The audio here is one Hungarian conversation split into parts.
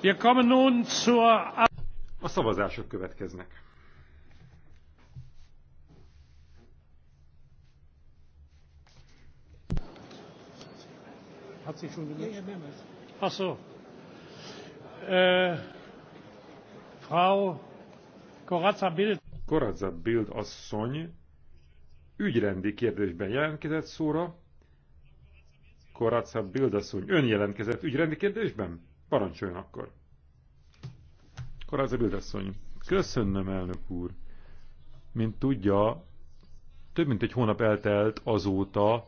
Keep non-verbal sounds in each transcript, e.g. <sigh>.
A szavazások következnek. Hat sich schon gelöscht? Ach so. Äh, Frau Corazza Bild. Corazza Bild asszony ügyrendi kérdésben jelentkezett szóra. Corazza Bild asszony ön jelentkezett ügyrendi kérdésben? Parancsoljon akkor. Karáza Bildasszony, köszönöm, elnök úr. Mint tudja, több mint egy hónap eltelt azóta,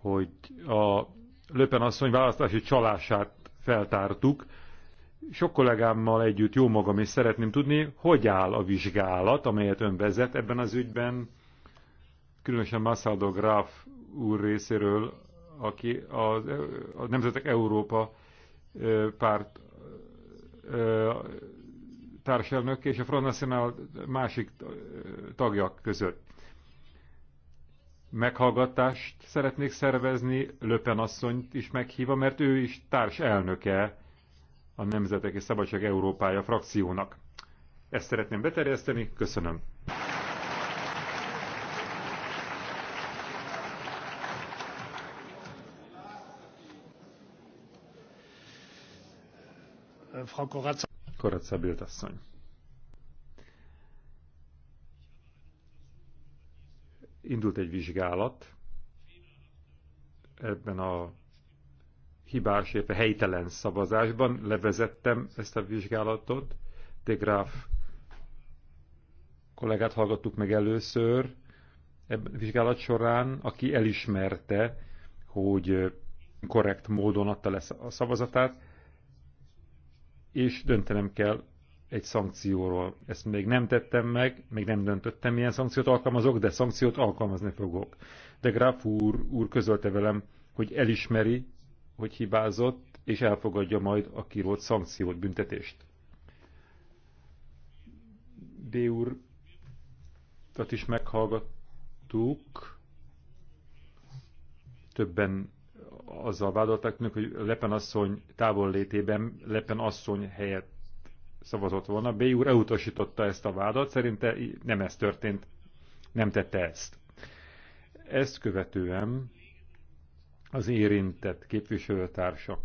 hogy a Löpen asszony választási csalását feltártuk. Sok kollégámmal együtt jó magam is szeretném tudni, hogy áll a vizsgálat, amelyet ön vezet ebben az ügyben, különösen Massaldo Graf úr részéről, aki a, a Nemzetek Európa párt társelnök és a Front National másik tagja között. Meghallgatást szeretnék szervezni, Löpen asszonyt is meghívva, mert ő is társelnöke a Nemzetek és Szabadság Európája frakciónak. Ezt szeretném beterjeszteni, köszönöm. Koratza Bildasszony. Indult egy vizsgálat ebben a hibás, éppen helytelen szavazásban. Levezettem ezt a vizsgálatot. De Graf, kollégát hallgattuk meg először ebben a vizsgálat során, aki elismerte, hogy korrekt módon adta lesz a szavazatát, és döntenem kell egy szankcióról. Ezt még nem tettem meg, még nem döntöttem, milyen szankciót alkalmazok, de szankciót alkalmazni fogok. De Graf úr, úr közölte velem, hogy elismeri, hogy hibázott, és elfogadja majd a kirót szankciót, büntetést. D úr, is meghallgattuk, többen azzal vádolták meg, hogy Lepen asszony távol létében Lepen asszony helyett szavazott volna. B. úr elutasította ezt a vádat, szerinte nem ez történt, nem tette ezt. Ezt követően az érintett képviselőtársakkal,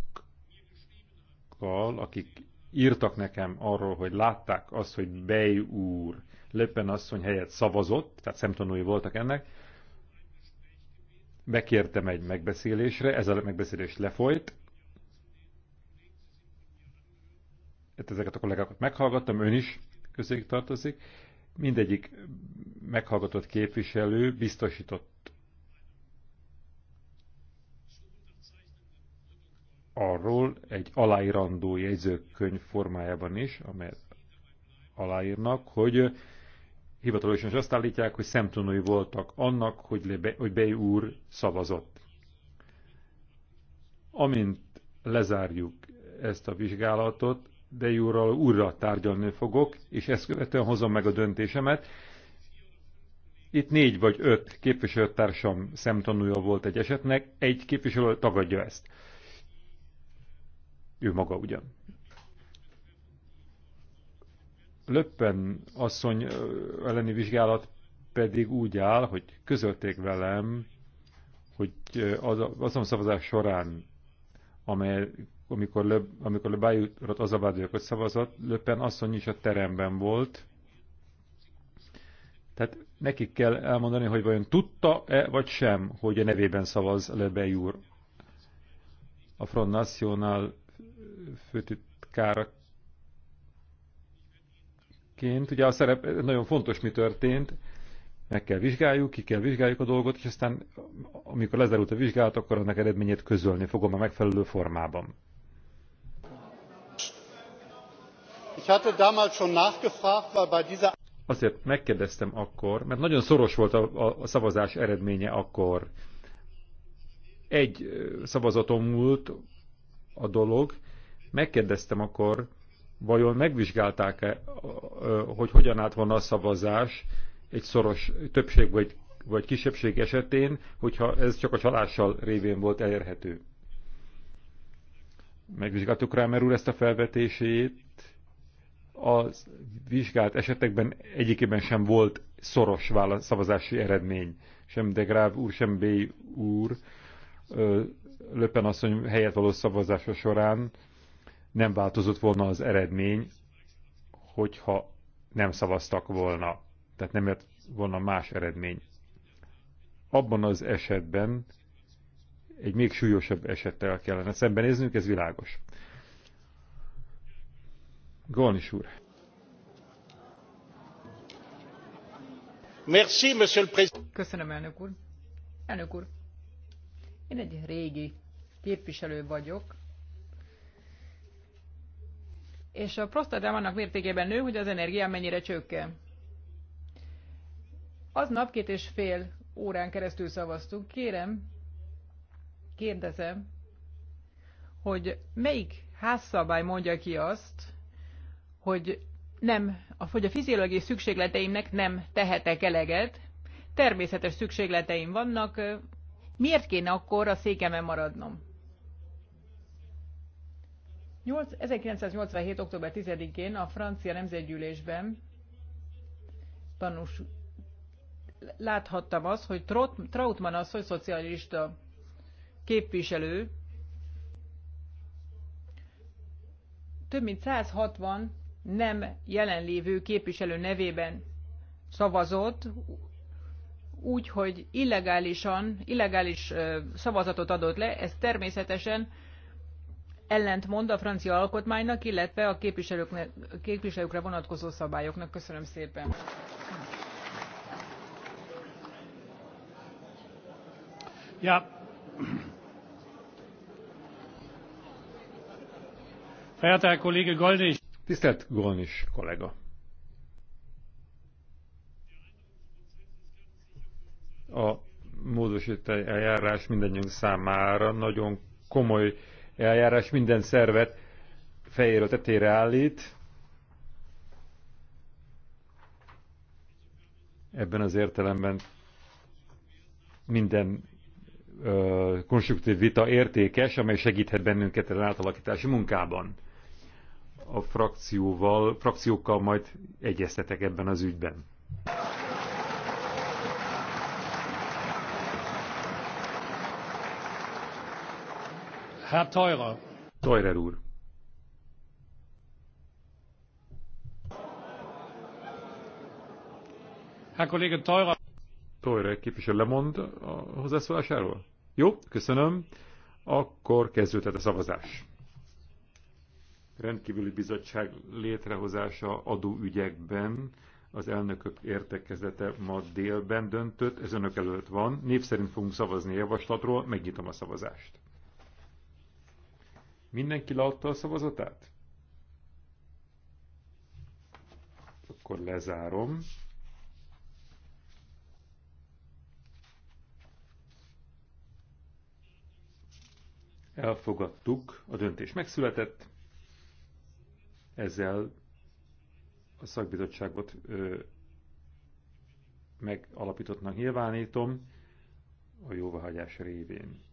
akik írtak nekem arról, hogy látták azt, hogy Bej úr Lepen asszony helyett szavazott, tehát szemtanúi voltak ennek, bekértem egy megbeszélésre, ez a megbeszélés lefolyt. Ezeket a kollégákat meghallgattam, ön is közéig tartozik. Mindegyik meghallgatott képviselő biztosított arról egy aláírandó jegyzőkönyv formájában is, amelyet aláírnak, hogy hivatalosan is azt állítják, hogy szemtanúi voltak annak, hogy, le, hogy Bey úr szavazott. Amint lezárjuk ezt a vizsgálatot, de úrral újra tárgyalni fogok, és ezt követően hozom meg a döntésemet. Itt négy vagy öt képviselőtársam szemtanúja volt egy esetnek, egy képviselő tagadja ezt. Ő maga ugyan. Löppen asszony elleni vizsgálat pedig úgy áll, hogy közölték velem, hogy az, azon szavazás során, amely, amikor, Le, amikor Le Bajurat az a szavazott, Löppen asszony is a teremben volt. Tehát nekik kell elmondani, hogy vajon tudta-e vagy sem, hogy a nevében szavaz Le Bajur. A Front National főtitkára egyébként. Ugye a szerep, nagyon fontos, mi történt, meg kell vizsgáljuk, ki kell vizsgáljuk a dolgot, és aztán amikor lezárult a vizsgálat, akkor annak eredményét közölni fogom a megfelelő formában. Azért megkérdeztem akkor, mert nagyon szoros volt a, a, a szavazás eredménye akkor. Egy szavazaton múlt a dolog. Megkérdeztem akkor, vajon megvizsgálták-e, hogy hogyan állt volna a szavazás egy szoros többség vagy, vagy kisebbség esetén, hogyha ez csak a csalással révén volt elérhető. Megvizsgáltuk mert úr ezt a felvetését, a vizsgált esetekben egyikében sem volt szoros válasz, szavazási eredmény. Sem de Gráv úr, sem Bély úr, Löpen asszony helyett való szavazása során nem változott volna az eredmény, hogyha nem szavaztak volna. Tehát nem jött volna más eredmény. Abban az esetben egy még súlyosabb esettel kellene szembenéznünk, ez világos. Golnis úr. Merci, monsieur le président. Köszönöm, elnök úr. Elnök úr, én egy régi képviselő vagyok, és a prostatám annak mértékében nő, hogy az energiám mennyire csökken. Az nap két és fél órán keresztül szavaztunk. Kérem, kérdezem, hogy melyik házszabály mondja ki azt, hogy nem, hogy a fiziológiai szükségleteimnek nem tehetek eleget, természetes szükségleteim vannak, miért kéne akkor a székemen maradnom? 1987. október 10-én a francia nemzetgyűlésben tanús láthattam azt, hogy Trautmann hogy szocialista képviselő több mint 160 nem jelenlévő képviselő nevében szavazott, úgy, hogy illegálisan, illegális szavazatot adott le, ez természetesen ellentmond a francia alkotmánynak, illetve a képviselőkre vonatkozó szabályoknak. Köszönöm szépen. Ja. Verehrter Kollege Gollnisch. Tisztelt Golnis kollega. A módosítási eljárás mindannyiunk számára nagyon komoly eljárás minden szervet fejéről tetére állít. Ebben az értelemben minden ö, konstruktív vita értékes, amely segíthet bennünket a átalakítási munkában. A frakcióval, frakciókkal majd egyeztetek ebben az ügyben. Herr Teurer. Teurer úr. Herr Kollege Teurer. Teurer képviselő lemond a hozzászólásáról? Jó, köszönöm. Akkor kezdődhet a szavazás. Rendkívüli bizottság létrehozása adóügyekben az elnökök értekezete ma délben döntött, ez önök előtt van. Név szerint fogunk szavazni a javaslatról, megnyitom a szavazást. Mindenki leadta a szavazatát? Akkor lezárom. Elfogadtuk, a döntés megszületett, ezzel a szakbizottságot ö, megalapítottnak nyilvánítom a jóváhagyás révén.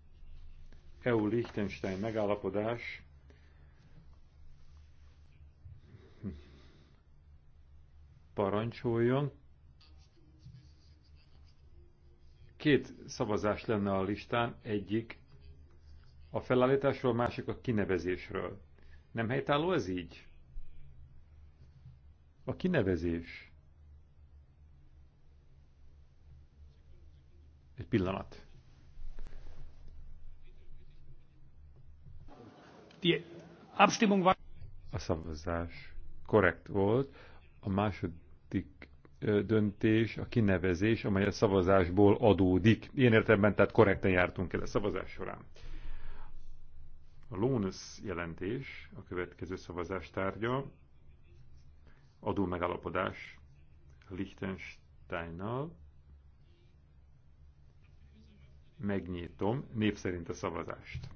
EU-Liechtenstein megállapodás parancsoljon. Két szavazás lenne a listán, egyik a felállításról, másik a kinevezésről. Nem helytálló ez így? A kinevezés. Egy pillanat. A szavazás korrekt volt. A második döntés, a kinevezés, amely a szavazásból adódik. Ilyen értelemben tehát korrekten jártunk el a szavazás során. A lónusz jelentés a következő szavazás tárgya, adó megállapodás Liechtensteinnal. Megnyitom név szerint a szavazást.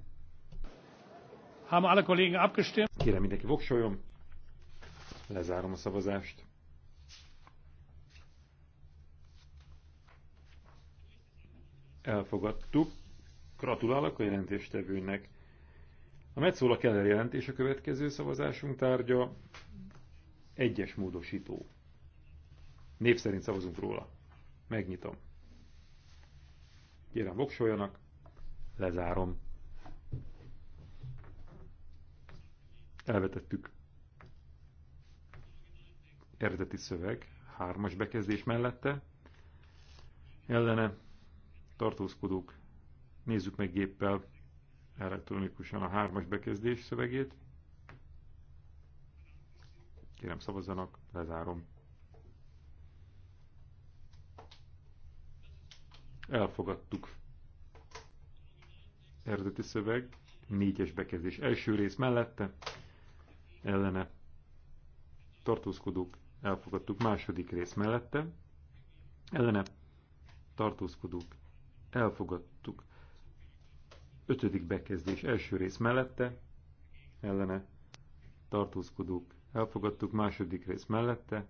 Haben alle Kollegen abgestimmt? Kérem mindenki voksoljon. Lezárom a szavazást. Elfogadtuk. Gratulálok a jelentéstevőnek. A Metszóla Keller jelentés a következő szavazásunk tárgya. Egyes módosító. Név szerint szavazunk róla. Megnyitom. Kérem, voksoljanak. Lezárom. Elvetettük. Eredeti szöveg, hármas bekezdés mellette. Ellene tartózkodók. Nézzük meg géppel elektronikusan a hármas bekezdés szövegét. Kérem szavazzanak, lezárom. Elfogadtuk. Eredeti szöveg, négyes bekezdés első rész mellette, ellene tartózkodók elfogadtuk második rész mellette, ellene tartózkodók elfogadtuk ötödik bekezdés első rész mellette, ellene tartózkodók elfogadtuk második rész mellette,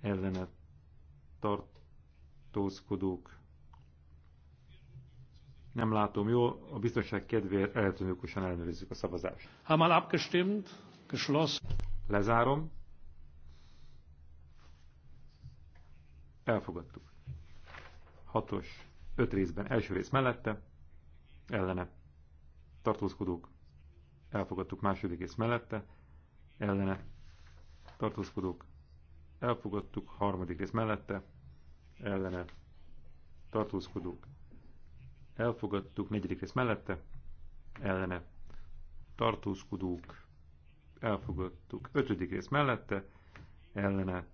ellene tartózkodók nem látom jól, a biztonság kedvéért elektronikusan ellenőrizzük a szavazást. már abgestimmt? Lezárom. Elfogadtuk. Hatos, öt részben, első rész mellette, ellene. Tartózkodók. Elfogadtuk második rész mellette, ellene. Tartózkodók. Elfogadtuk harmadik rész mellette, ellene. Tartózkodók. Elfogadtuk negyedik rész mellette, ellene. Tartózkodók elfogadtuk. Ötödik rész mellette, ellene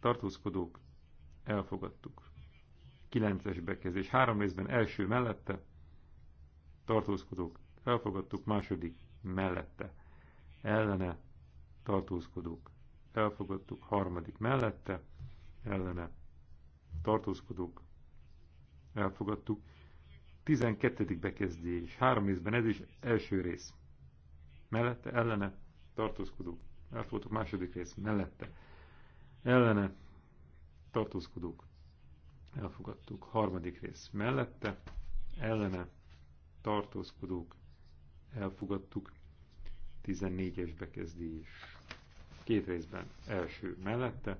tartózkodók, elfogadtuk. Kilences bekezdés, három részben első mellette, tartózkodók, elfogadtuk. Második mellette, ellene tartózkodók, elfogadtuk. Harmadik mellette, ellene tartózkodók, elfogadtuk. 12. bekezdés. Három részben ez is első rész. Mellette ellene tartózkodók, elfogadtuk második rész mellette, ellene, tartózkodók, elfogadtuk harmadik rész mellette, ellene, tartózkodók, elfogadtuk 14-es bekezdés. Két részben első mellette,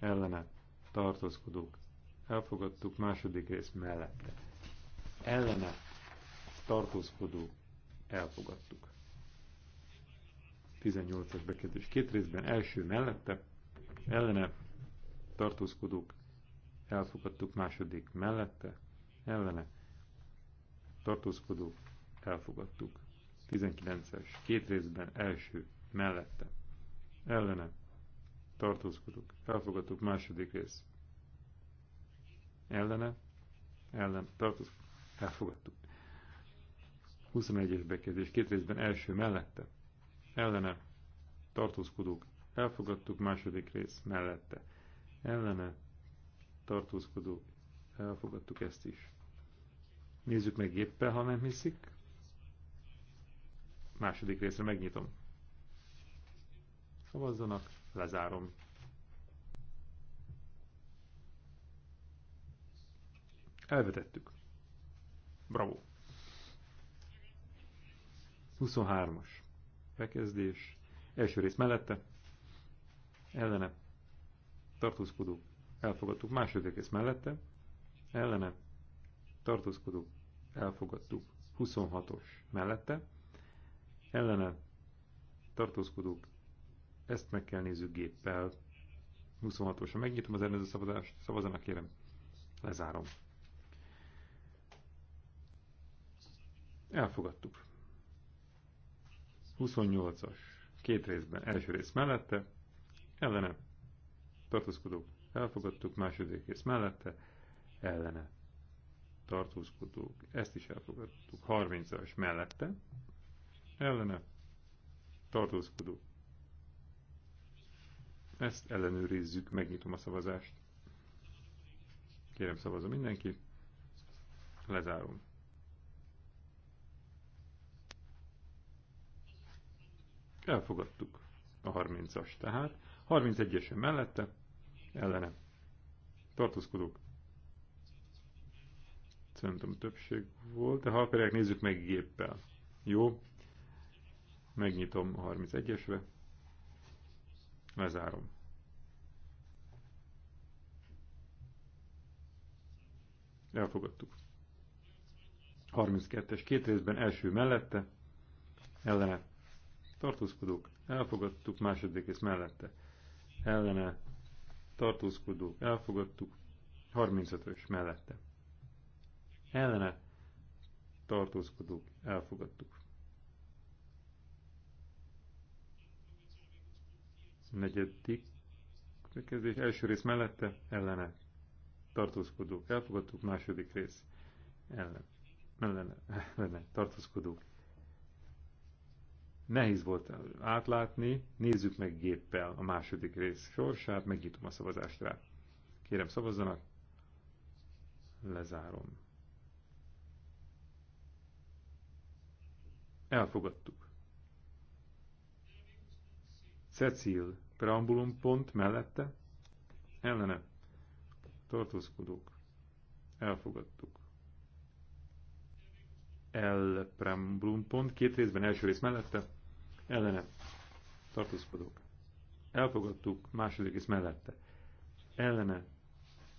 ellene, tartózkodók, elfogadtuk második rész mellette. Ellene, tartózkodók, elfogadtuk. 18-as bekezdés két részben, első mellette, ellene tartózkodók, elfogadtuk második mellette, ellene tartózkodók, elfogadtuk. 19-es, két részben, első mellette, ellene tartózkodók, elfogadtuk második rész, ellene, ellen tartózkodók, elfogadtuk. 21-es bekezdés, két részben, első mellette, ellene, tartózkodók, elfogadtuk második rész mellette, ellene, tartózkodók, elfogadtuk ezt is. Nézzük meg éppen, ha nem hiszik. Második részre megnyitom. Szavazzanak, lezárom. Elvetettük. Bravo. 23-as bekezdés, első rész mellette, ellene, tartózkodó, elfogadtuk, második rész mellette, ellene, tartózkodó, elfogadtuk, 26-os mellette, ellene, tartózkodók, ezt meg kell nézzük géppel, 26-osra megnyitom az előző szavazást, szavazanak kérem, lezárom. Elfogadtuk. 28-as, két részben, első rész mellette, ellene, tartózkodók, elfogadtuk, második rész mellette, ellene, tartózkodók, ezt is elfogadtuk, 30-as mellette, ellene, tartózkodók. Ezt ellenőrizzük, megnyitom a szavazást. Kérem szavazom mindenki. Lezárom. Elfogadtuk a 30-as tehát. 31-es mellette, ellene. Tartózkodók. Szerintem többség volt, de ha akarják, nézzük meg géppel. Jó. Megnyitom a 31-esre. Lezárom. Elfogadtuk. 32-es két részben első mellette, ellene tartózkodók, elfogadtuk, második rész mellette, ellene, tartózkodók, elfogadtuk, 35-ös mellette, ellene, tartózkodók, elfogadtuk. Negyedik bekezdés, első rész mellette, ellene, tartózkodók, elfogadtuk, második rész, ellen, ellene, <laughs> ellene, tartózkodók, Nehéz volt átlátni, nézzük meg géppel a második rész sorsát, megnyitom a szavazást rá. Kérem szavazzanak, lezárom. Elfogadtuk. Cecil, preambulum pont mellette, ellene, tartózkodók, elfogadtuk. El preambulum pont, két részben, első rész mellette, ellene tartózkodók. Elfogadtuk, második rész mellette. Ellene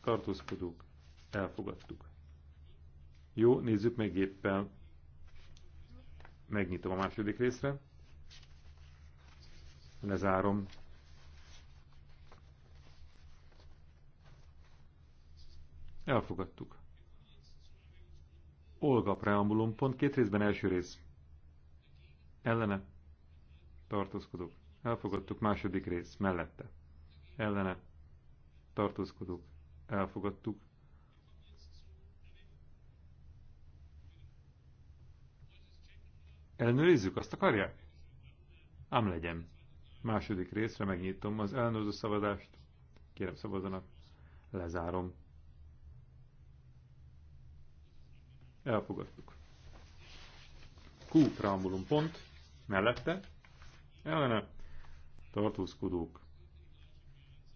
tartózkodók, elfogadtuk. Jó, nézzük meg éppen. Megnyitom a második részre. Lezárom. Elfogadtuk. Olga preambulum pont két részben első rész. Ellene tartózkodók, elfogadtuk második rész mellette, ellene, tartózkodók, elfogadtuk. Elnőrizzük, azt akarják? Ám legyen. Második részre megnyitom az ellenőrző szavazást. Kérem szavazanak. Lezárom. Elfogadtuk. Q preambulum pont mellette ellene tartózkodók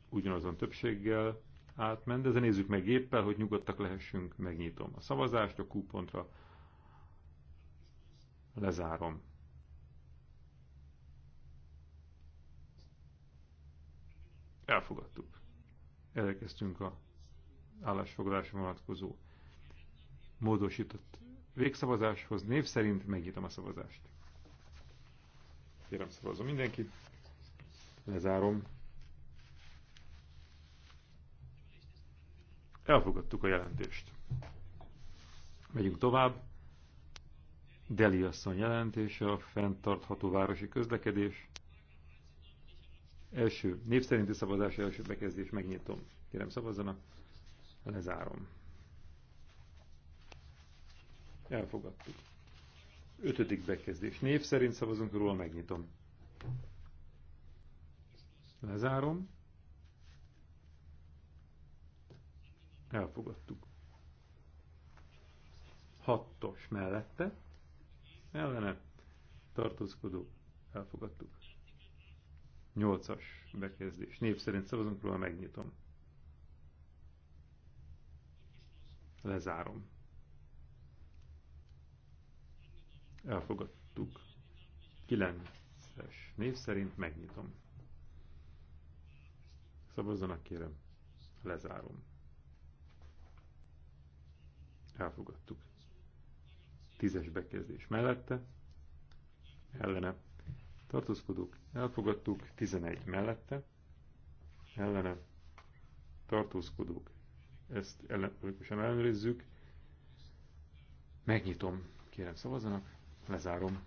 ugyanazon többséggel átment, de nézzük meg géppel, hogy nyugodtak lehessünk, megnyitom a szavazást, a kupontra lezárom. Elfogadtuk. Elkezdtünk a állásfoglalásra vonatkozó módosított végszavazáshoz. Név szerint megnyitom a szavazást. Kérem szavazom mindenkit. Lezárom. Elfogadtuk a jelentést. Megyünk tovább. Deli asszony jelentése, a fenntartható városi közlekedés. Első, név szerinti szavazás, első bekezdés, megnyitom. Kérem szavazzanak, lezárom. Elfogadtuk. Ötödik bekezdés. Név szerint szavazunk róla, megnyitom. Lezárom. Elfogadtuk. Hattos mellette. Ellene. Tartózkodó. Elfogadtuk. Nyolcas bekezdés. Név szerint szavazunk róla, megnyitom. Lezárom. Elfogadtuk. kilences név szerint megnyitom. Szavazzanak kérem. Lezárom. Elfogadtuk. Tízes bekezdés mellette. Ellene. Tartózkodók. Elfogadtuk. 11 mellette. Ellene. Tartózkodók. Ezt ellenőrizzük. Megnyitom. Kérem szavazzanak. Lezárom.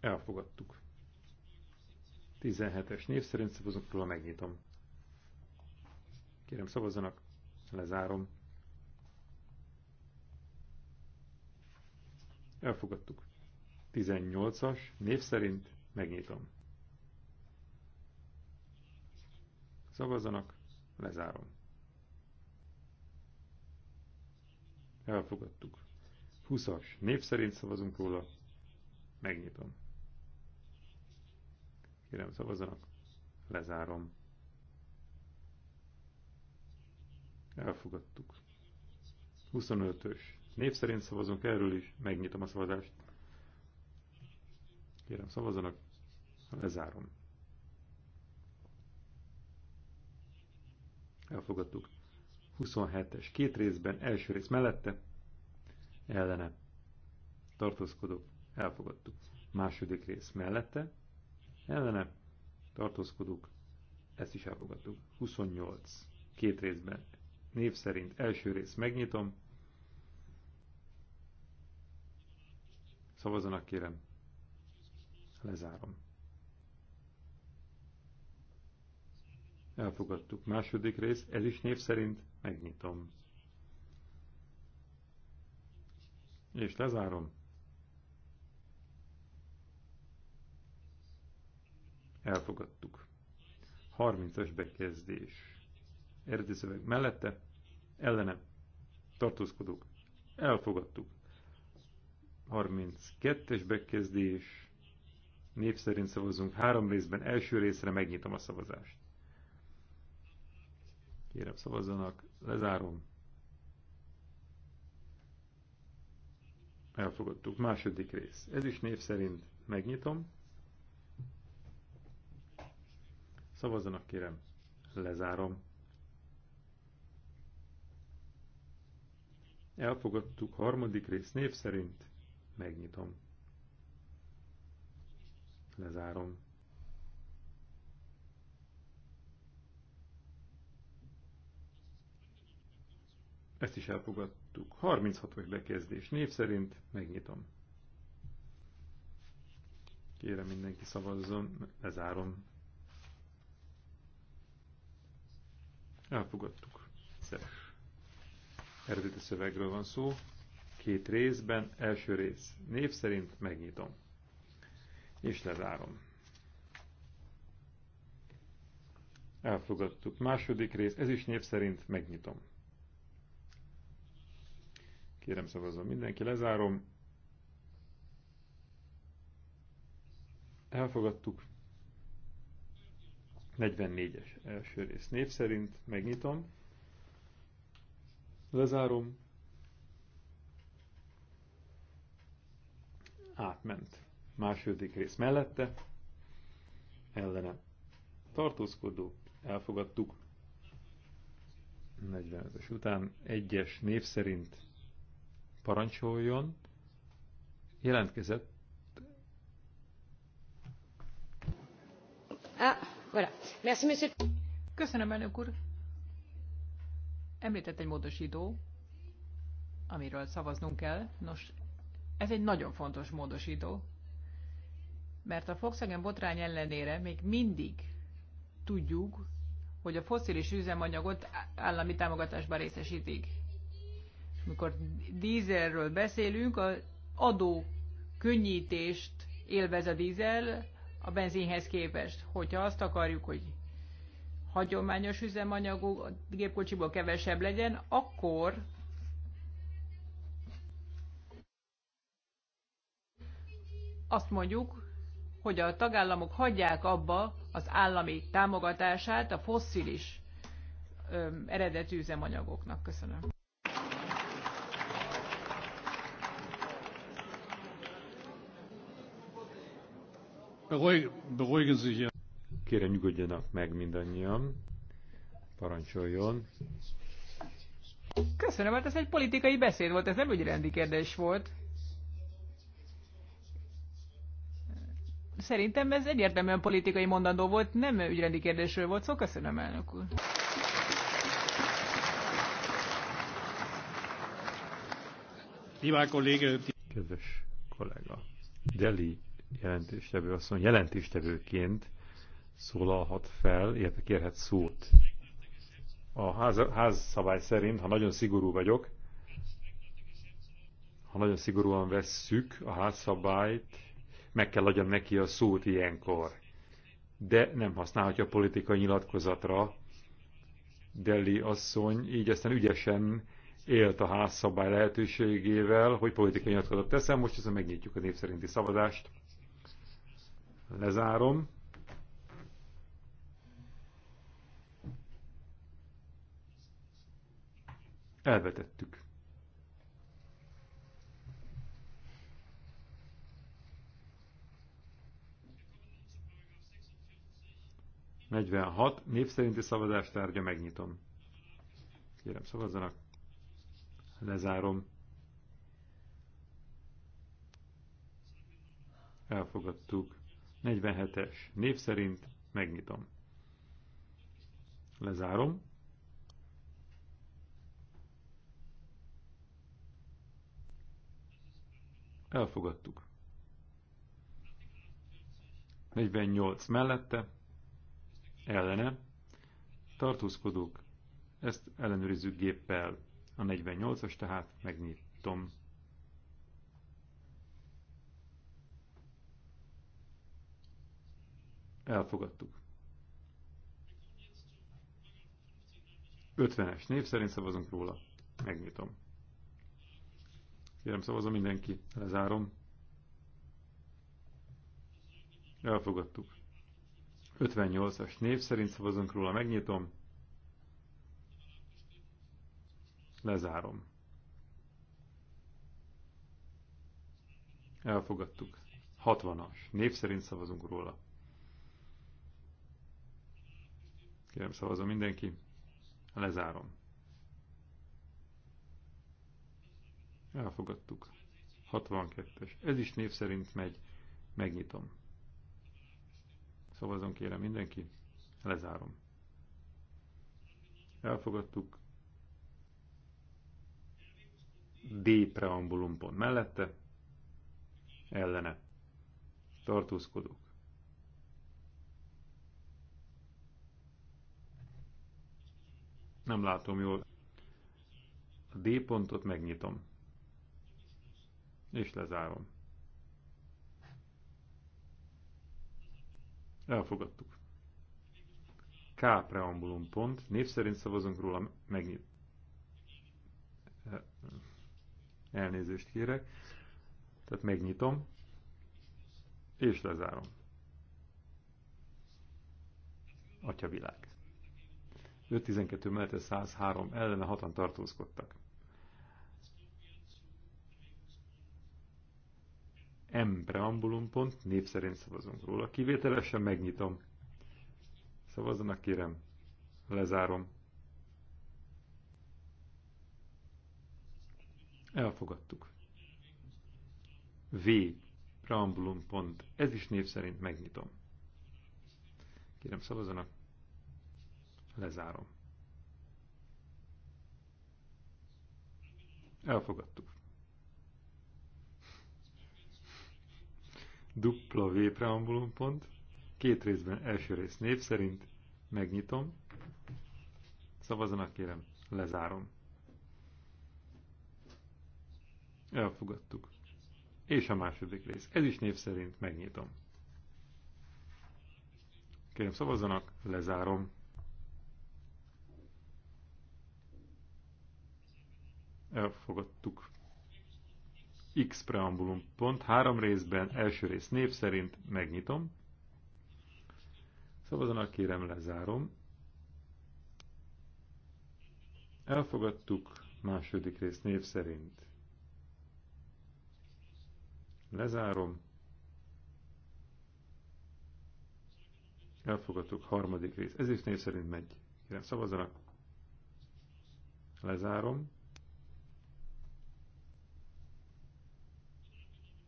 Elfogadtuk. 17-es név szerint szavazunk róla, megnyitom. Kérem szavazzanak, lezárom. Elfogadtuk. 18-as név szerint megnyitom. Szavazzanak, lezárom. Elfogadtuk. 20-as. Név szerint szavazunk róla. Megnyitom. Kérem, szavazzanak. Lezárom. Elfogadtuk. 25-ös. Név szerint szavazunk erről is. Megnyitom a szavazást. Kérem, szavazzanak. Lezárom. Elfogadtuk. 27-es két részben, első rész mellette, ellene tartózkodók, elfogadtuk. Második rész mellette, ellene tartózkodók, ezt is elfogadtuk. 28 két részben, név szerint első rész megnyitom, szavazanak kérem, lezárom. Elfogadtuk. Második rész, ez is név szerint megnyitom. És lezárom. Elfogadtuk. 30-as bekezdés. Eredeti szöveg mellette, ellene, tartózkodók. Elfogadtuk. 32-es bekezdés. Név szerint szavazunk három részben. Első részre megnyitom a szavazást. Kérem szavazzanak, lezárom. Elfogadtuk. Második rész. Ez is név szerint megnyitom. Szavazzanak kérem, lezárom. Elfogadtuk harmadik rész név szerint, megnyitom. Lezárom. Ezt is elfogadtuk. 36-os bekezdés. Név szerint megnyitom. Kérem mindenki szavazzon, lezárom. Elfogadtuk. Szeres. Eredeti szövegről van szó. Két részben, első rész. Név szerint megnyitom. És lezárom. Elfogadtuk. Második rész, ez is név szerint megnyitom. Kérem szavazzon mindenki, lezárom. Elfogadtuk. 44-es első rész név szerint megnyitom. Lezárom. Átment. Második rész mellette. Ellene. Tartózkodó. Elfogadtuk. 45-ös után egyes név szerint parancsoljon, jelentkezett. Ah, voilà. Merci, monsieur. Köszönöm, elnök úr. Említett egy módosító, amiről szavaznunk kell. Nos, ez egy nagyon fontos módosító, mert a Volkswagen botrány ellenére még mindig tudjuk, hogy a foszilis üzemanyagot állami támogatásban részesítik mikor dízelről beszélünk, az adó könnyítést élvez a dízel a benzinhez képest. Hogyha azt akarjuk, hogy hagyományos üzemanyagú gépkocsiból kevesebb legyen, akkor azt mondjuk, hogy a tagállamok hagyják abba az állami támogatását a fosszilis eredetű üzemanyagoknak. Köszönöm. Kérem, nyugodjanak meg mindannyian. Parancsoljon. Köszönöm, hát ez egy politikai beszéd volt, ez nem ügyrendi kérdés volt. Szerintem ez egyértelműen politikai mondandó volt, nem ügyrendi kérdésről volt, szó köszönöm, elnök úr. Kedves kollega, Deli jelentéstevő asszony jelentéstevőként szólalhat fel, illetve kérhet szót. A ház, szabály szerint, ha nagyon szigorú vagyok, ha nagyon szigorúan vesszük a házszabályt, meg kell adjam neki a szót ilyenkor. De nem használhatja politikai nyilatkozatra. Deli asszony így aztán ügyesen élt a házszabály lehetőségével, hogy politikai nyilatkozatot teszem, most ezzel megnyitjuk a népszerinti szavazást. Lezárom. Elvetettük. Negyvenhat. Név szerinti szavazás tárgya megnyitom. Kérem, szavazzanak. Lezárom. Elfogadtuk. 47-es. Név szerint megnyitom. Lezárom. Elfogadtuk. 48 mellette, ellene, tartózkodók, ezt ellenőrizzük géppel. A 48-as tehát megnyitom. Elfogadtuk. 50-es név szerint szavazunk róla. Megnyitom. Kérem, szavazom mindenki. Lezárom. Elfogadtuk. 58-as név szerint szavazunk róla. Megnyitom. Lezárom. Elfogadtuk. 60-as. Név szerint szavazunk róla. Kérem szavazom mindenki. Lezárom. Elfogadtuk. 62-es. Ez is név szerint megy. Megnyitom. Szavazom kérem mindenki. Lezárom. Elfogadtuk. D preambulum pont mellette. Ellene. Tartózkodok. Nem látom jól. A D pontot megnyitom. És lezárom. Elfogadtuk. K preambulum pont. Név szerint szavazunk róla, megnyit. Elnézést kérek. Tehát megnyitom, és lezárom. Atya világ. 5-12 mellette 103 ellene hatan tartózkodtak. M preambulum pont, név szerint szavazunk róla. Kivételesen megnyitom. Szavazzanak kérem. Lezárom. Elfogadtuk. V. Preambulum pont. Ez is név szerint megnyitom. Kérem szavazzanak. Lezárom. Elfogadtuk. Dupla V preambulum pont. Két részben első rész név szerint. Megnyitom. Szavazanak kérem. Lezárom. Elfogadtuk. És a második rész. Ez is név szerint megnyitom. Kérem szavazzanak, lezárom. elfogadtuk. X preambulum pont, három részben, első rész név szerint megnyitom. Szavazanak kérem, lezárom. Elfogadtuk második rész név szerint. Lezárom. Elfogadtuk harmadik rész. Ez is név szerint megy. Kérem, szavazanak. Lezárom.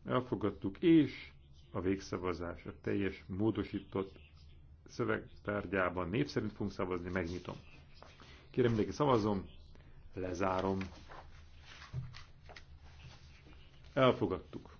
elfogadtuk, és a végszavazás, a teljes módosított szövegtárgyában név szerint fogunk szavazni, megnyitom. Kérem mindenki szavazom, lezárom. Elfogadtuk.